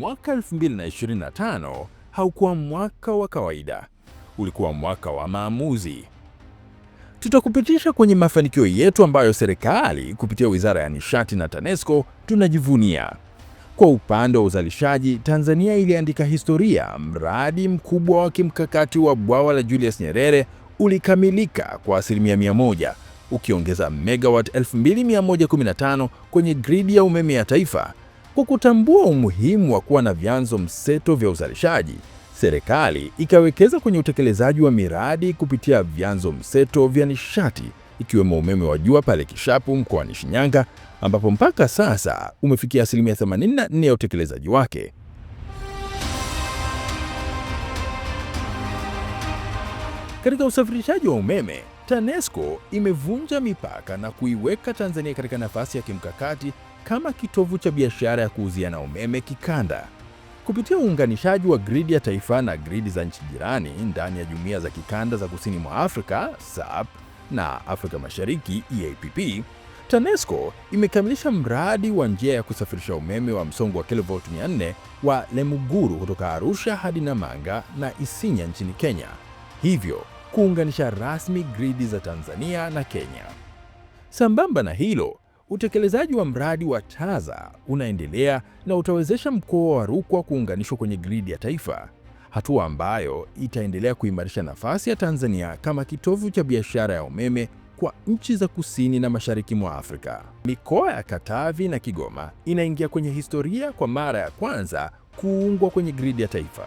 Mwaka 2025 haukuwa mwaka wa kawaida, ulikuwa mwaka wa maamuzi. Tutakupitisha kwenye mafanikio yetu ambayo serikali kupitia Wizara ya Nishati na TANESCO tunajivunia. Kwa upande wa uzalishaji, Tanzania iliandika historia. Mradi mkubwa wa kimkakati wa bwawa la Julius Nyerere ulikamilika kwa asilimia mia moja ukiongeza megawatt 2115 kwenye gridi ya umeme ya taifa kwa kutambua umuhimu wa kuwa na vyanzo mseto vya uzalishaji, serikali ikawekeza kwenye utekelezaji wa miradi kupitia vyanzo mseto vya nishati ikiwemo umeme wa jua pale Kishapu mkoani Shinyanga, ambapo mpaka sasa umefikia asilimia 84 ya utekelezaji wake. Katika usafirishaji wa umeme, TANESCO imevunja mipaka na kuiweka Tanzania katika nafasi ya kimkakati kama kitovu cha biashara ya kuuziana umeme kikanda. Kupitia uunganishaji wa gridi ya taifa na gridi za nchi jirani ndani ya jumuiya za kikanda za kusini mwa Afrika SAP na Afrika Mashariki EAPP, TANESCO imekamilisha mradi wa njia ya kusafirisha umeme wa msongo wa kilovolt 400 wa Lemuguru kutoka Arusha hadi Namanga na Isinya nchini Kenya, hivyo kuunganisha rasmi gridi za Tanzania na Kenya. Sambamba na hilo, Utekelezaji wa mradi wa TAZA unaendelea na utawezesha mkoa wa Rukwa kuunganishwa kwenye gridi ya taifa, hatua ambayo itaendelea kuimarisha nafasi ya Tanzania kama kitovu cha biashara ya umeme kwa nchi za kusini na mashariki mwa Afrika. Mikoa ya Katavi na Kigoma inaingia kwenye historia kwa mara ya kwanza kuungwa kwenye gridi ya taifa,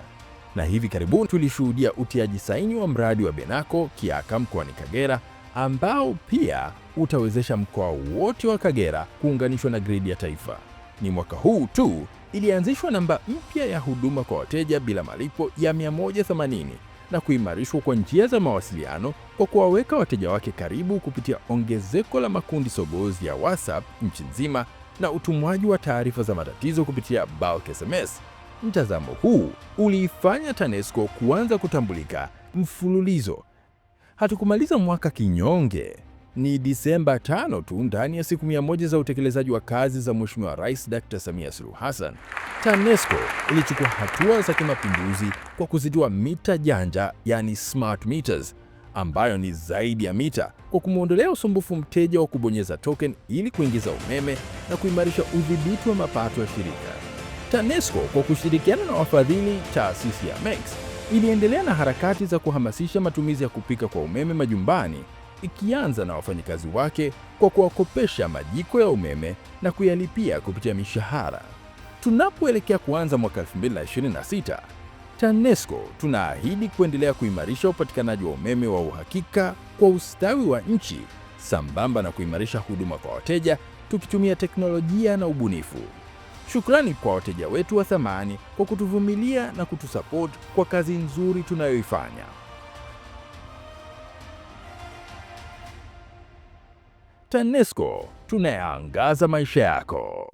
na hivi karibuni tulishuhudia utiaji saini wa mradi wa Benako Kiaka mkoani Kagera ambao pia utawezesha mkoa wote wa Kagera kuunganishwa na gridi ya taifa. Ni mwaka huu tu ilianzishwa namba mpya ya huduma kwa wateja bila malipo ya 180 na kuimarishwa kwa njia za mawasiliano kwa kuwaweka wateja wake karibu kupitia ongezeko la makundi sogozi ya WhatsApp nchi nzima na utumwaji wa taarifa za matatizo kupitia bulk SMS. Mtazamo huu uliifanya TANESCO kuanza kutambulika mfululizo hatukumaliza mwaka kinyonge. Ni Disemba tano tu ndani ya siku mia moja za utekelezaji wa kazi za Mheshimiwa Rais Dr. Samia Suluhu Hassan, TANESCO ilichukua hatua za kimapinduzi kwa kuzindua mita janja, yani smart meters, ambayo ni zaidi ya mita, kwa kumwondolea usumbufu mteja wa kubonyeza token ili kuingiza umeme na kuimarisha udhibiti wa mapato ya shirika. TANESCO kwa kushirikiana na wafadhili taasisi ya MEX iliendelea na harakati za kuhamasisha matumizi ya kupika kwa umeme majumbani, ikianza na wafanyikazi wake kwa kuwakopesha majiko ya umeme na kuyalipia kupitia mishahara. Tunapoelekea kuanza mwaka 2026, TANESCO tunaahidi kuendelea kuimarisha upatikanaji wa umeme wa uhakika kwa ustawi wa nchi, sambamba na kuimarisha huduma kwa wateja tukitumia teknolojia na ubunifu. Shukrani kwa wateja wetu wa thamani kwa kutuvumilia na kutusupport kwa kazi nzuri tunayoifanya. TANESCO tunayaangaza maisha yako.